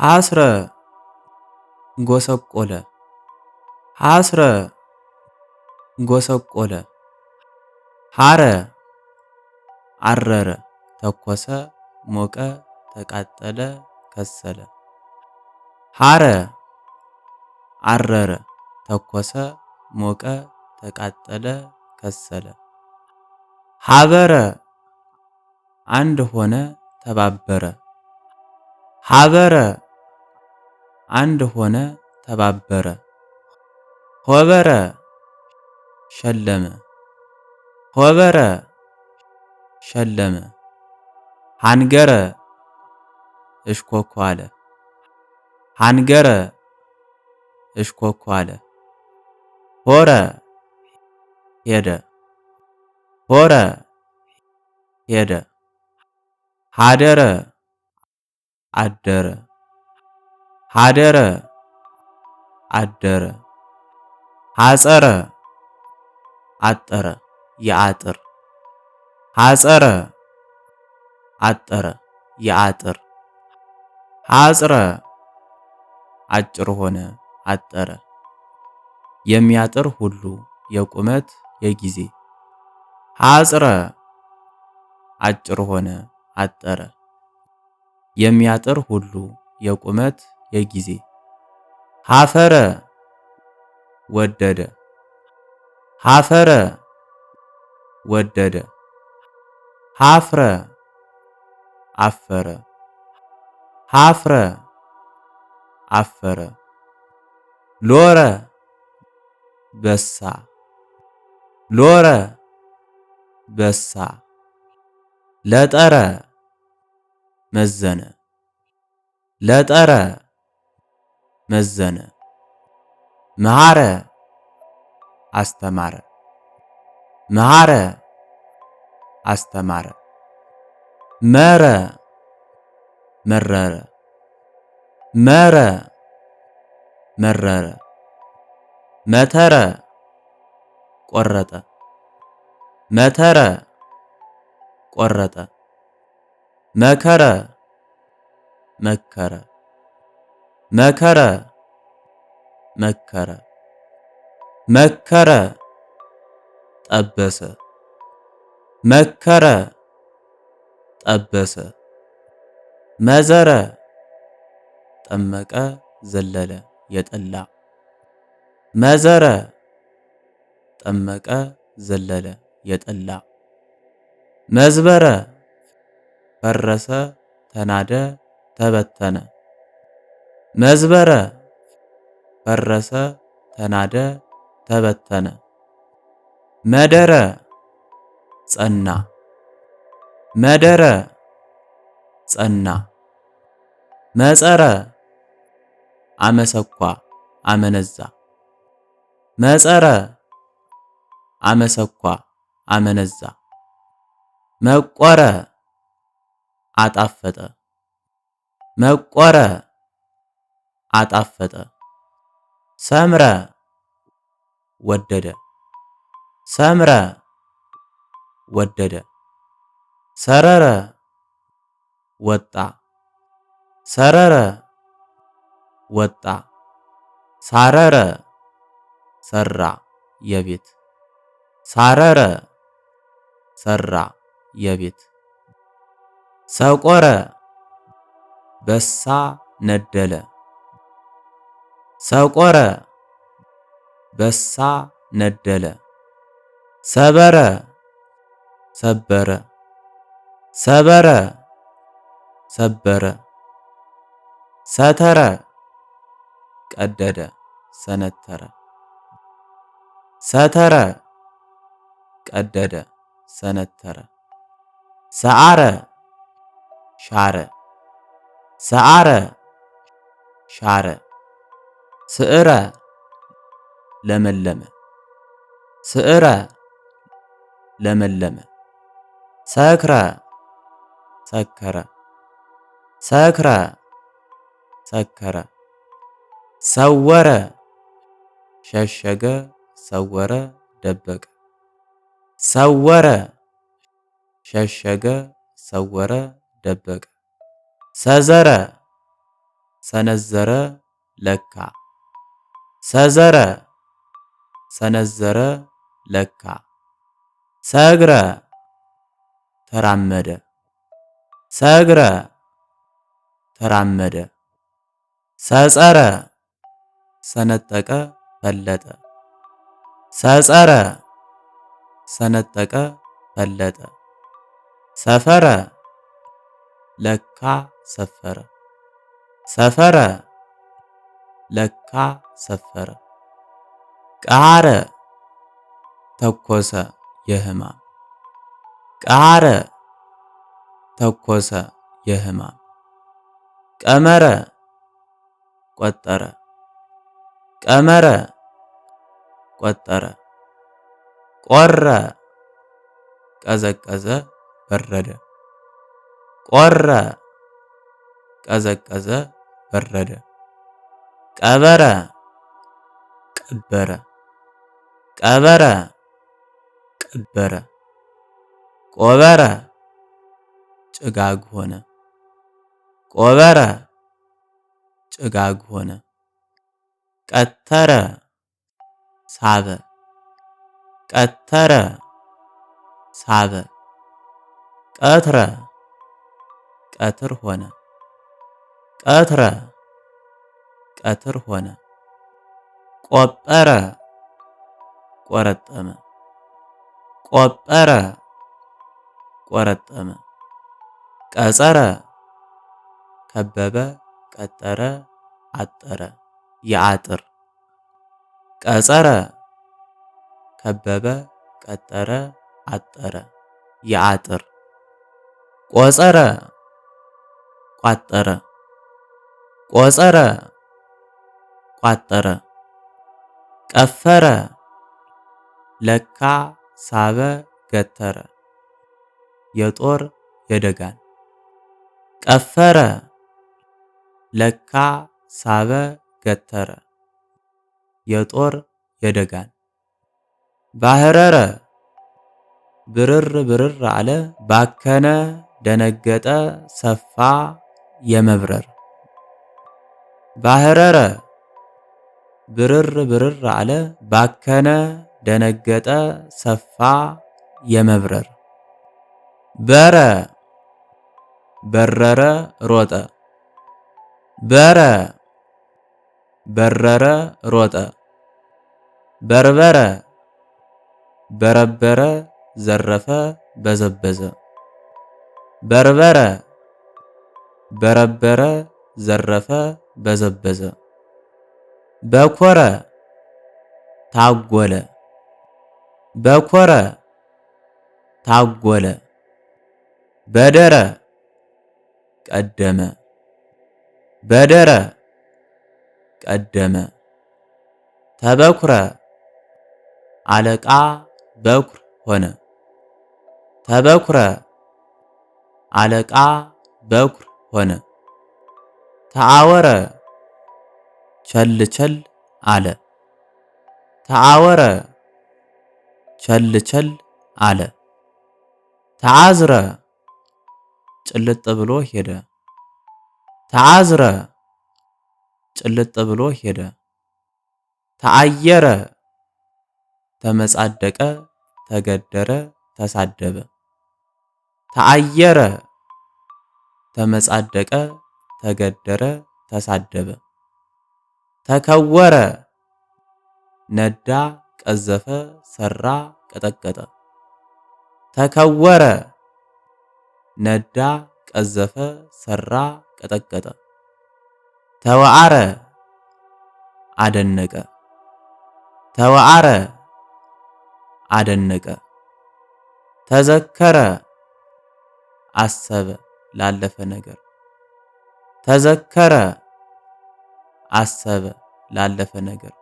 ሐስረ ጎሰቆለ ሐስረ ጎሰቆለ ሐረ አረረ ተኮሰ ሞቀ ተቃጠለ ከሰለ ሐረ አረረ ተኮሰ ሞቀ ተቃጠለ ከሰለ ሐበረ አንድ ሆነ ተባበረ ሐበረ አንድ ሆነ፣ ተባበረ። ሆበረ ሸለመ፣ ሆበረ ሸለመ። ሃንገረ እሽኮኳለ፣ ሃንገረ እሽኮኳለ። ሆረ ሄደ፣ ሆረ ሄደ። ሃደረ አደረ ሀደረ አደረ ሐፀረ አጠረ የአጥር ሐፀረ አጠረ የአጥር ሐፅረ አጭር ሆነ አጠረ የሚያጥር ሁሉ የቁመት የጊዜ ሐፅረ አጭር ሆነ አጠረ የሚያጥር ሁሉ የቁመት የጊዜ ሀፈረ ወደደ ሀፈረ ወደደ ሀፍረ አፈረ ሀፍረ አፈረ ሎረ በሳ ሎረ በሳ ለጠረ መዘነ ለጠረ መዘነ። መሐረ አስተማረ መሐረ አስተማረ መረ መረረ መረ መረረ መተረ ቆረጠ መተረ ቆረጠ መከረ መከረ መከረ መከረ መከረ ጠበሰ መከረ ጠበሰ መዘረ ጠመቀ ዘለለ የጠላ መዘረ ጠመቀ ዘለለ የጠላ መዝበረ ፈረሰ ተናደ ተበተነ መዝበረ ፈረሰ፣ ተናደ፣ ተበተነ። መደረ ጸና፣ መደረ ጸና። መጸረ አመሰኳ፣ አመነዛ። መጸረ አመሰኳ፣ አመነዛ። መቆረ አጣፈጠ፣ መቆረ አጣፈጠ። ሰምረ ወደደ ሰምረ ወደደ ሰረረ ወጣ ሰረረ ወጣ ሳረረ ሰራ የቤት ሳረረ ሰራ የቤት ሰቆረ በሳ ነደለ ሰቆረ በሳ ነደለ ሰበረ ሰበረ ሰበረ ሰበረ ሰተረ ቀደደ ሰነተረ ሰተረ ቀደደ ሰነተረ ሰአረ ሻረ ሰአረ ሻረ ስዕረ ለመለመ ስዕረ ለመለመ ሰክረ ሰከረ ሰክረ ሰከረ ሰወረ ሸሸገ ሰወረ ደበቀ ሰወረ ሸሸገ ሰወረ ደበቀ ሰዘረ ሰነዘረ ለካ ሰዘረ ሰነዘረ ለካ ሰግረ ተራመደ ሰግረ ተራመደ ሰጸረ ሰነጠቀ ፈለጠ ሰጸረ ሰነጠቀ ፈለጠ ሰፈረ ለካ ሰፈረ ሰፈረ ለካ ሰፈረ። ቃረ ተኮሰ የህማም ቃረ ተኮሰ የህማም ቀመረ ቆጠረ ቀመረ ቆጠረ ቆረ ቀዘቀዘ በረደ ቆረ ቀዘቀዘ በረደ ቀበረ ቀበረ ቀበረ ቀበረ ቆበረ ጭጋግ ሆነ ቆበረ ጭጋግ ሆነ ቀተረ ሳበ ቀተረ ሳበ ቀትረ ቀትር ሆነ ቀትረ ቀትር ሆነ። ቆጠረ ቆረጠመ። ቆጠረ ቆረጠመ። ቀጸረ ከበበ፣ ቀጠረ፣ አጠረ። የአጥር ቀጸረ ከበበ፣ ቀጠረ፣ አጠረ። የአጥር ቆጸረ ቋጠረ ቆጸረ ቋጠረ፣ ቀፈረ፣ ለካ፣ ሳበ፣ ገተረ የጦር የደጋን ቀፈረ፣ ለካ፣ ሳበ፣ ገተረ የጦር የደጋን ባህረረ ብርር ብርር አለ ባከነ ደነገጠ ሰፋ የመብረር ባህረረ ብርር ብርር አለ ባከነ ደነገጠ ሰፋ የመብረር በረ በረረ ሮጠ በረ በረረ ሮጠ በርበረ በረበረ ዘረፈ በዘበዘ በርበረ በረበረ ዘረፈ በዘበዘ በኮረ ታጎለ በኮረ ታጎለ በደረ ቀደመ በደረ ቀደመ ተበኩረ አለቃ በኩር ሆነ ተበኩረ አለቃ በኩር ሆነ ተአወረ ቸል ቸል አለ። ተአወረ ቸል ቸል አለ። ተአዝረ ጭልጥ ብሎ ሄደ። ተአዝረ ጭልጥ ብሎ ሄደ። ተአየረ ተመጻደቀ፣ ተገደረ፣ ተሳደበ። ተአየረ ተመጻደቀ፣ ተገደረ፣ ተሳደበ። ተከወረ ነዳ ቀዘፈ ሰራ ቀጠቀጠ ተከወረ ነዳ ቀዘፈ ሰራ ቀጠቀጠ ተወዓረ አደነቀ ተወዓረ አደነቀ ተዘከረ አሰበ ላለፈ ነገር ተዘከረ አሰበ ላለፈ ነገር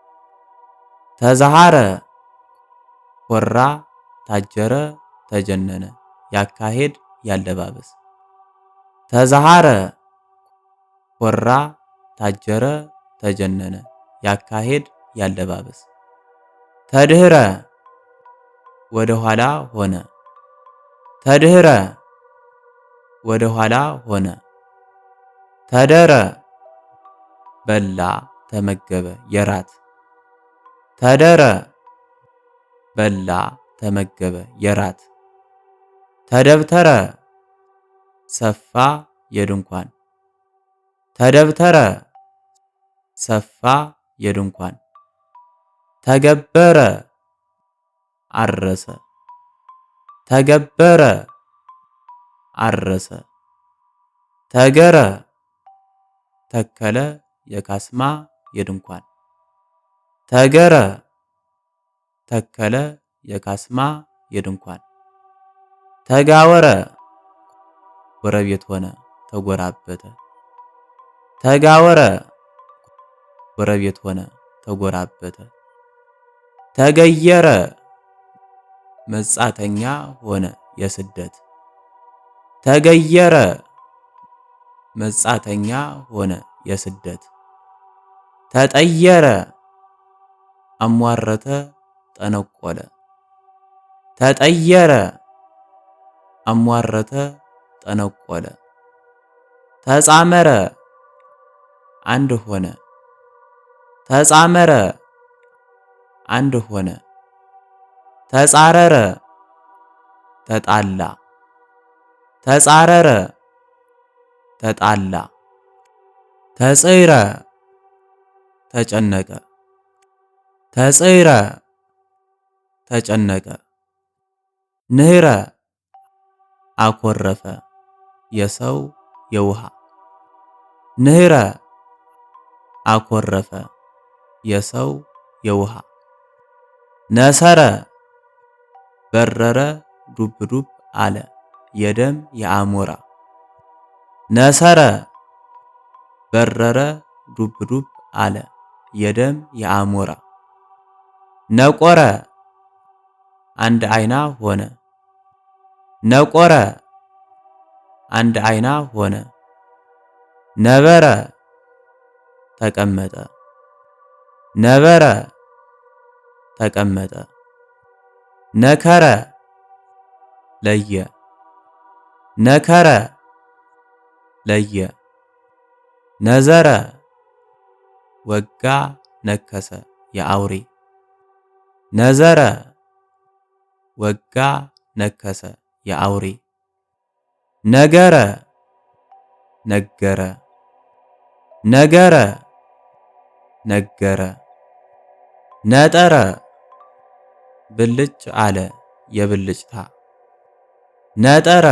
ተዛሃረ ኮራ፣ ታጀረ፣ ተጀነነ ያካሄድ ያለባበስ ተዛሃረ ኮራ፣ ታጀረ፣ ተጀነነ ያካሄድ ያለባበስ ተድህረ ወደ ኋላ ሆነ ተድህረ ወደ ኋላ ሆነ ተደረ በላ ተመገበ የራት ተደረ በላ ተመገበ የራት ተደብተረ ሰፋ የድንኳን ተደብተረ ሰፋ የድንኳን ተገበረ አረሰ ተገበረ አረሰ ተገረ ተከለ የካስማ የድንኳን ተገረ ተከለ የካስማ የድንኳን ተጋወረ ጎረቤት ሆነ ተጎራበተ ተጋወረ ጎረቤት ሆነ ተጎራበተ ተገየረ መጻተኛ ሆነ የስደት ተገየረ መጻተኛ ሆነ የስደት ተጠየረ አሟረተ ጠነቆለ ተጠየረ አሟረተ ጠነቆለ ተጻመረ አንድ ሆነ ተጻመረ አንድ ሆነ ተጻረረ ተጣላ ተጻረረ ተጣላ ተጽዕረ ተጨነቀ ተጽዕረ ተጨነቀ ንህረ አኮረፈ የሰው የውሃ ንህረ አኮረፈ የሰው የውሃ ነሰረ በረረ ዱብ ዱብ አለ የደም የአሞራ ነሰረ በረረ ዱብ ዱብ አለ የደም የአሞራ ነቆረ አንድ አይና ሆነ ነቆረ አንድ አይና ሆነ ነበረ ተቀመጠ ነበረ ተቀመጠ ነከረ ለየ ነከረ ለየ ነዘረ ወጋ ነከሰ የአውሬ ነዘረ ወጋ ነከሰ የአውሬ ነገረ ነገረ ነገረ ነገረ ነጠረ ብልጭ አለ የብልጭታ ነጠረ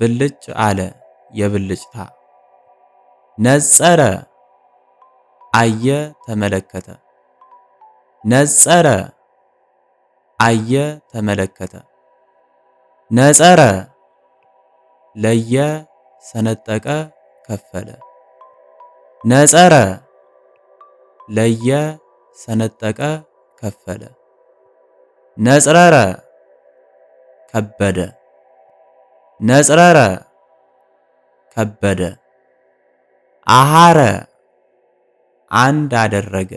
ብልጭ አለ የብልጭታ ነጸረ አየ ተመለከተ ነጸረ አየ ተመለከተ ነጸረ ለየ ሰነጠቀ ከፈለ ነጸረ ለየ ሰነጠቀ ከፈለ ነጽረረ ከበደ ነጽረረ ከበደ አሃረ አንድ አደረገ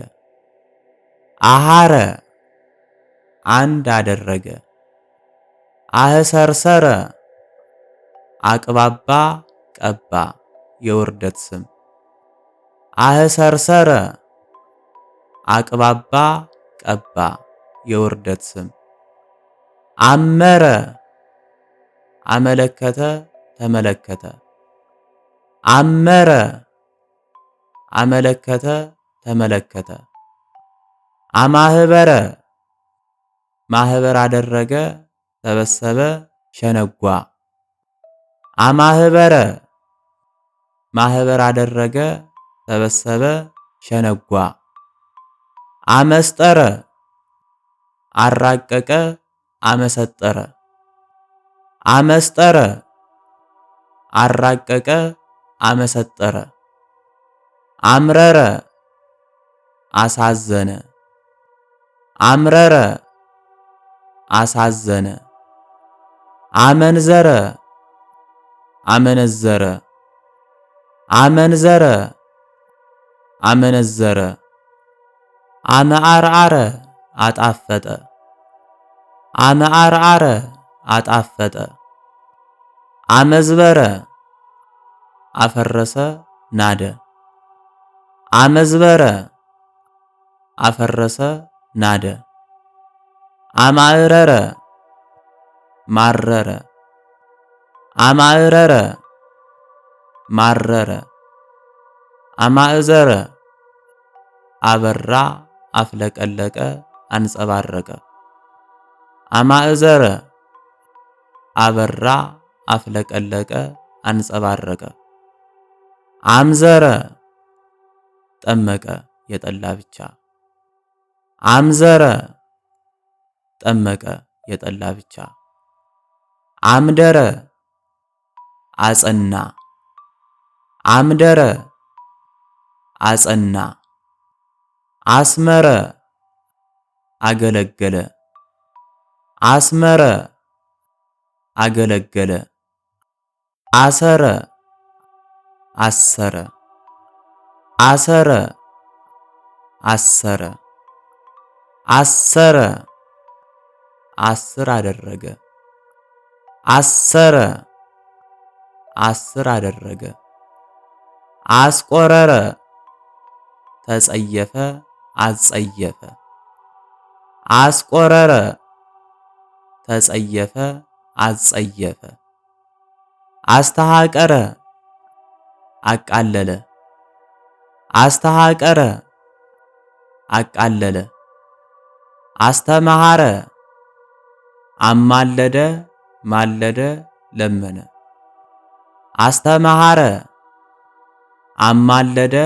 አሃረ አንድ አደረገ አህሰርሰረ አቅባባ ቀባ የውርደት ስም አህሰርሰረ አቅባባ ቀባ የውርደት ስም አመረ አመለከተ ተመለከተ አመረ አመለከተ ተመለከተ አማህበረ ማህበር አደረገ ሰበሰበ ሸነጓ አማህበረ ማህበር አደረገ ሰበሰበ ሸነጓ አመስጠረ አራቀቀ አመሰጠረ አመስጠረ አራቀቀ አመሰጠረ አምረረ አሳዘነ አምረረ አሳዘነ አመንዘረ አመነዘረ አመንዘረ አመነዘረ አመአርዓረ አጣፈጠ አመአርዓረ አጣፈጠ አመዝበረ አፈረሰ ናደ አመዝበረ አፈረሰ ናደ አማረረ ማረረ አማረረ ማረረ አማዕዘረ አበራ አፍለቀለቀ አንጸባረቀ አማእዘረ አበራ አፍለቀለቀ አንጸባረቀ አምዘረ ጠመቀ የጠላ ብቻ አምዘረ ጠመቀ የጠላ ብቻ አምደረ አጸና አምደረ አጸና አስመረ አገለገለ አስመረ አገለገለ አሰረ አሰረ አሰረ አሰረ አሰረ አስር አደረገ አሰረ አስር አደረገ አስቆረረ ተጸየፈ አጸየፈ አስቆረረ ተጸየፈ አጸየፈ አስተሃቀረ አቃለለ አስተሃቀረ አቃለለ አስተማሃረ አማለደ ማለደ ለመነ አስተማሃረ አማለደ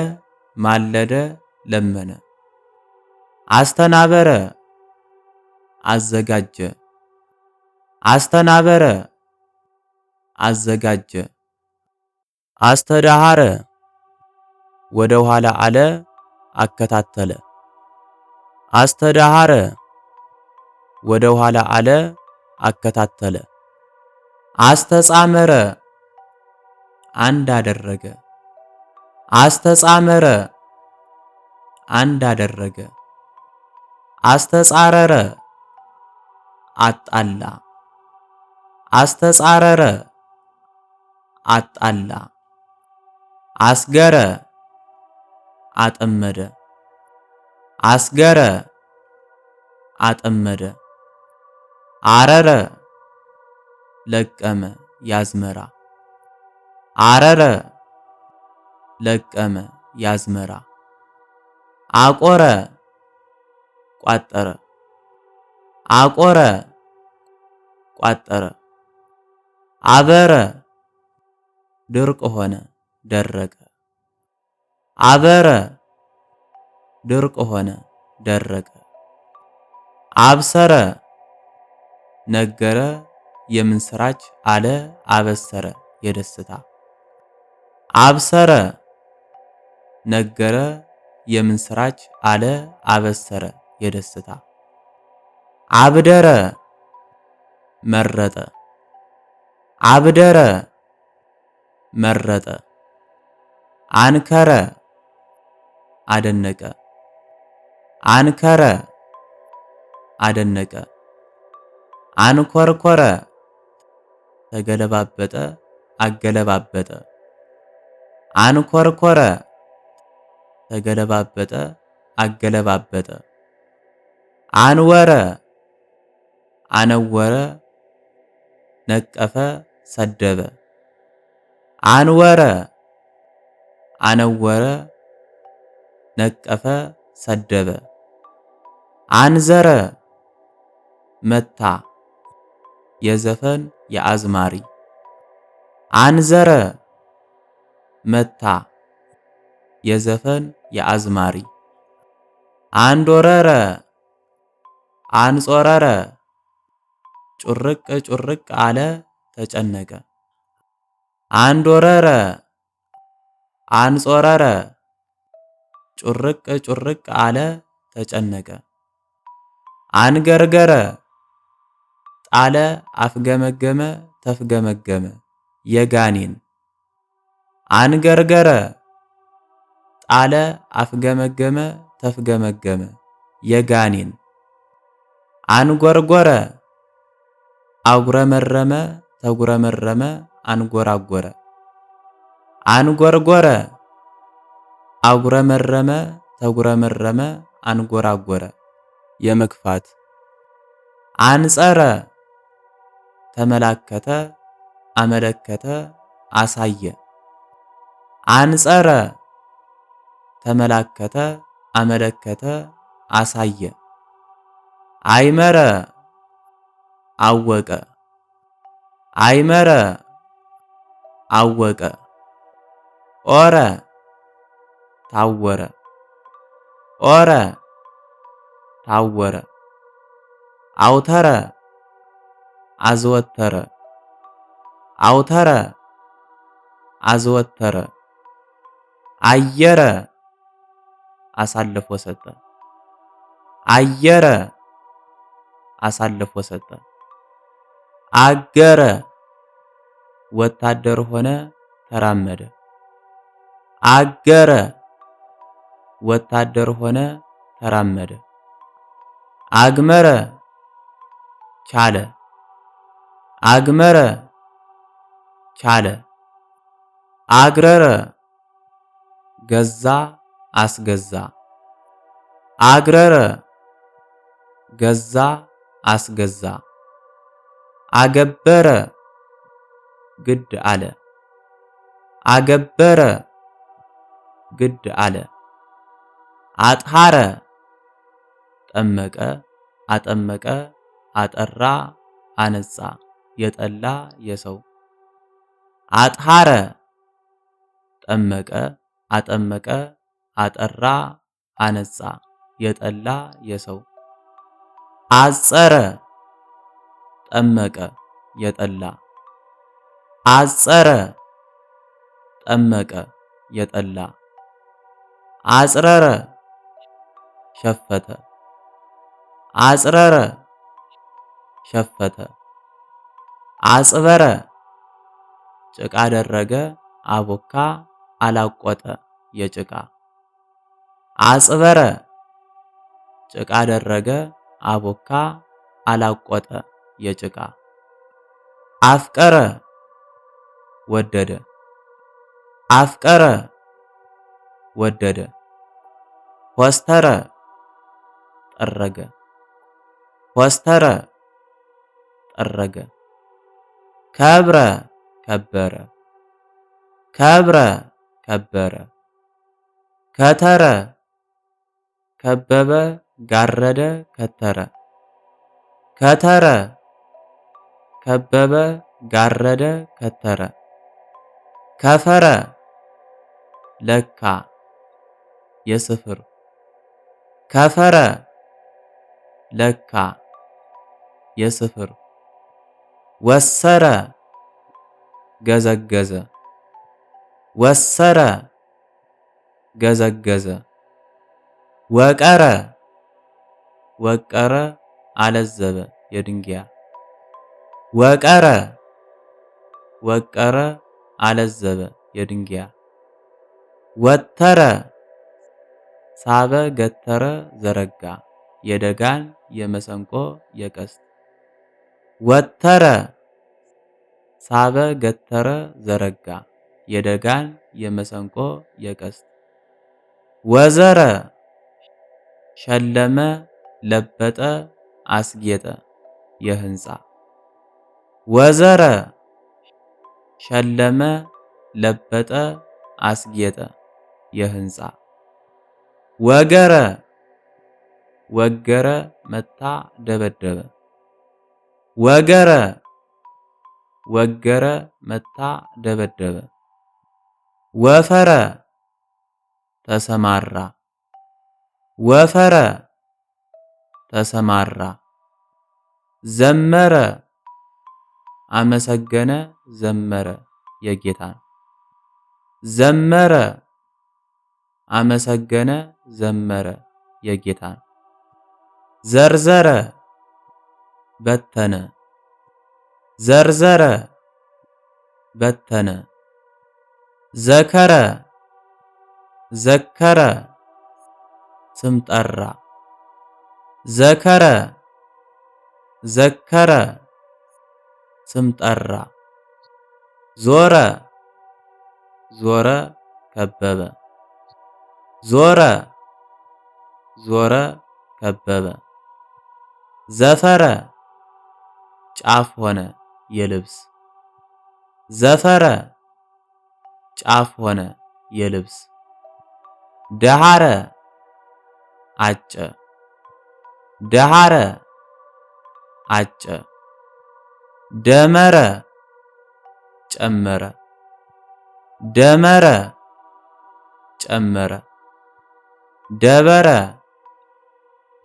ማለደ ለመነ አስተናበረ አዘጋጀ አስተናበረ አዘጋጀ አስተዳሃረ ወደ ኋላ አለ አከታተለ። አስተዳሃረ ወደ ኋላ አለ አከታተለ። አስተጻመረ አንድ አደረገ። አስተጻመረ አንድ አደረገ። አስተጻረረ አጣላ። አስተጻረረ አጣላ። አስገረ አጠመደ አስገረ አጠመደ አረረ ለቀመ ያዝመራ አረረ ለቀመ ያዝመራ አቆረ ቋጠረ አቆረ ቋጠረ አበረ ድርቅ ሆነ ደረቀ አበረ ድርቅ ሆነ ደረቀ። አብሰረ ነገረ የምንስራች አለ አበሰረ የደስታ አብሰረ ነገረ የምንስራች አለ አበሰረ የደስታ አብደረ መረጠ አብደረ መረጠ አንከረ አደነቀ። አንከረ አደነቀ። አንኮርኮረ ተገለባበጠ፣ አገለባበጠ። አንኮርኮረ ተገለባበጠ፣ አገለባበጠ። አንወረ አነወረ፣ ነቀፈ፣ ሰደበ። አንወረ አነወረ ነቀፈ፣ ሰደበ። አንዘረ መታ የዘፈን የአዝማሪ አንዘረ መታ የዘፈን የአዝማሪ አንዶረረ አንጾረረ ጩርቅ ጩርቅ አለ ተጨነቀ አንዶረረ አንጾረረ ጩርቅ ጩርቅ አለ ተጨነቀ። አንገርገረ ጣለ አፍገመገመ ተፍገመገመ የጋኔን አንገርገረ ጣለ አፍገመገመ ተፍገመገመ የጋኔን አንጎርጎረ አጉረመረመ ተጉረመረመ አንጎራጎረ አንጎርጎረ አጉረመረመ ተጉረመረመ አንጎራጎረ የመግፋት አንጸረ ተመላከተ አመለከተ አሳየ አንጸረ ተመላከተ አመለከተ አሳየ አይመረ አወቀ አይመረ አወቀ ኦረ ታወረ ኦረ ታወረ አውተረ አዘወተረ አውተረ አዘወተረ አየረ አሳልፎ ሰጠ አየረ አሳልፎ ሰጠ አገረ ወታደር ሆነ ተራመደ አገረ ወታደር ሆነ ተራመደ። አግመረ ቻለ አግመረ ቻለ አግረረ ገዛ አስገዛ አግረረ ገዛ አስገዛ አገበረ ግድ አለ አገበረ ግድ አለ አጥሃረ ጠመቀ፣ አጠመቀ፣ አጠራ፣ አነጻ የጠላ የሰው አጥሃረ ጠመቀ፣ አጠመቀ፣ አጠራ፣ አነጻ የጠላ የሰው አጸረ ጠመቀ የጠላ አጸረ ጠመቀ የጠላ አጽረረ ሸፈተ አጽረረ ሸፈተ አጽበረ ጭቃ አደረገ አቦካ አላቆጠ የጭቃ አጽበረ ጭቃ አደረገ አቦካ አላቆጠ የጭቃ አፍቀረ ወደደ አፍቀረ ወደደ ኮስተረ ጠረገ ወስተረ ጠረገ ከብረ ከበረ ከብረ ከበረ ከተረ ከበበ ጋረደ ከተረ ከተረ ከበበ ጋረደ ከተረ ከፈረ ለካ የስፍር ከፈረ ለካ የስፍር ወሰረ ገዘገዘ ወሰረ ገዘገዘ ወቀረ ወቀረ አለዘበ የድንጊያ ወቀረ ወቀረ አለዘበ የድንጊያ ወተረ ሳበ ገተረ ዘረጋ የደጋን የመሰንቆ የቀስት ወተረ ሳበ ገተረ ዘረጋ የደጋን የመሰንቆ የቀስት ወዘረ ሸለመ ለበጠ አስጌጠ የህንፃ ወዘረ ሸለመ ለበጠ አስጌጠ የህንፃ ወገረ ወገረ መታ ደበደበ ወገረ ወገረ መታ ደበደበ ወፈረ ተሰማራ ወፈረ ተሰማራ ዘመረ አመሰገነ ዘመረ የጌታ ዘመረ አመሰገነ ዘመረ የጌታ ዘርዘረ በተነ ዘርዘረ በተነ ዘከረ ዘከረ ስም ጠራ ዘከረ ዘከረ ስም ጠራ ዞረ ዞረ ከበበ ዞረ ዞረ ከበበ ዘፈረ ጫፍ ሆነ የልብስ ዘፈረ ጫፍ ሆነ የልብስ ደሃረ አጨ ደሃረ አጨ ደመረ ጨመረ ደመረ ጨመረ ደበረ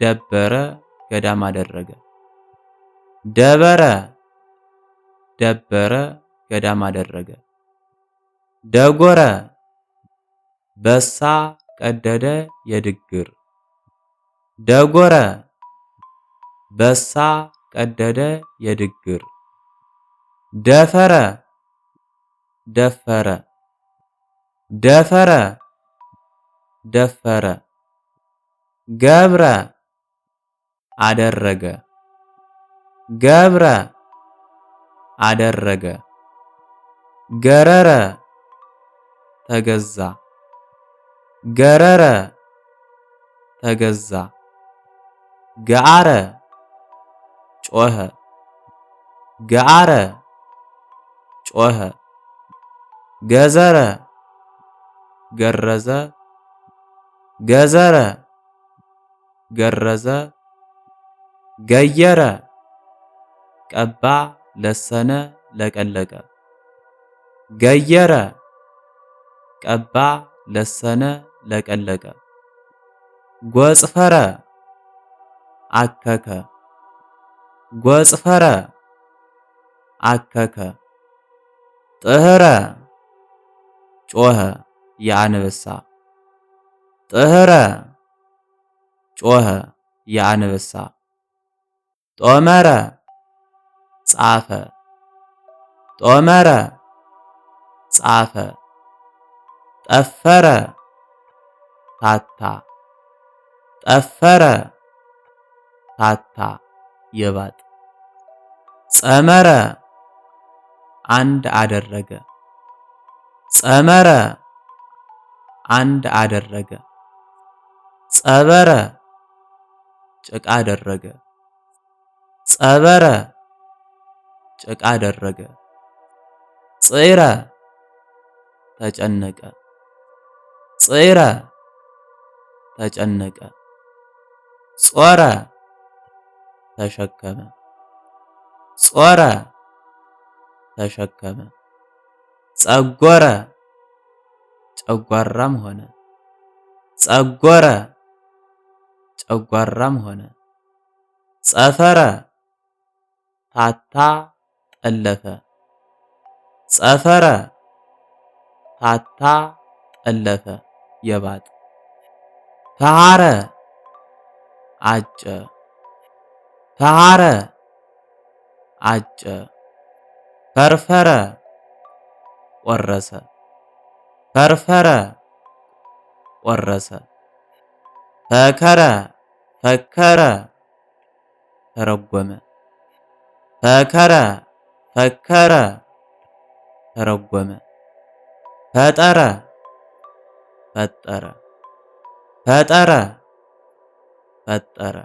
ደበረ ገዳም አደረገ። ደበረ ደበረ ገዳም አደረገ። ደጎረ በሳ ቀደደ የድግር ደጎረ በሳ ቀደደ የድግር ደፈረ ደፈረ ደፈረ ደፈረ ገብረ አደረገ ገብረ አደረገ ገረረ ተገዛ ገረረ ተገዛ ገአረ ጮኸ ገአረ ጮኸ ገዘረ ገረዘ ገዘረ ገረዘ ገየረ ቀባ ለሰነ ለቀለቀ ገየረ ቀባ ለሰነ ለቀለቀ ጎጽፈረ አከከ ጎጽፈረ አከከ ጥህረ ጮኸ የአንበሳ ጥህረ ጮኸ የአንበሳ ጦመረ ጻፈ ጦመረ ጻፈ ጠፈረ ታታ ጠፈረ ታታ የባጥ ጸመረ አንድ አደረገ ጸመረ አንድ አደረገ ጸበረ ጭቃ አደረገ ጸበረ ጭቃ አደረገ። ጽዕረ ተጨነቀ። ጽዕረ ተጨነቀ። ጾረ ተሸከመ። ጾረ ተሸከመ። ጸጎረ ጨጓራም ሆነ። ጸጎረ ጨጓራም ሆነ። ጸፈረ ታታ ጠለፈ ጸፈረ ታታ ጠለፈ የባጥ ተሃረ አጨ ተሃረ አጨ ፈርፈረ ወረሰ ፈርፈረ ወረሰ ፈከረ ፈከረ ተረጎመ ፈከረ ፈከረ ተረጎመ ፈጠረ ፈጠረ ፈጠረ ፈጠረ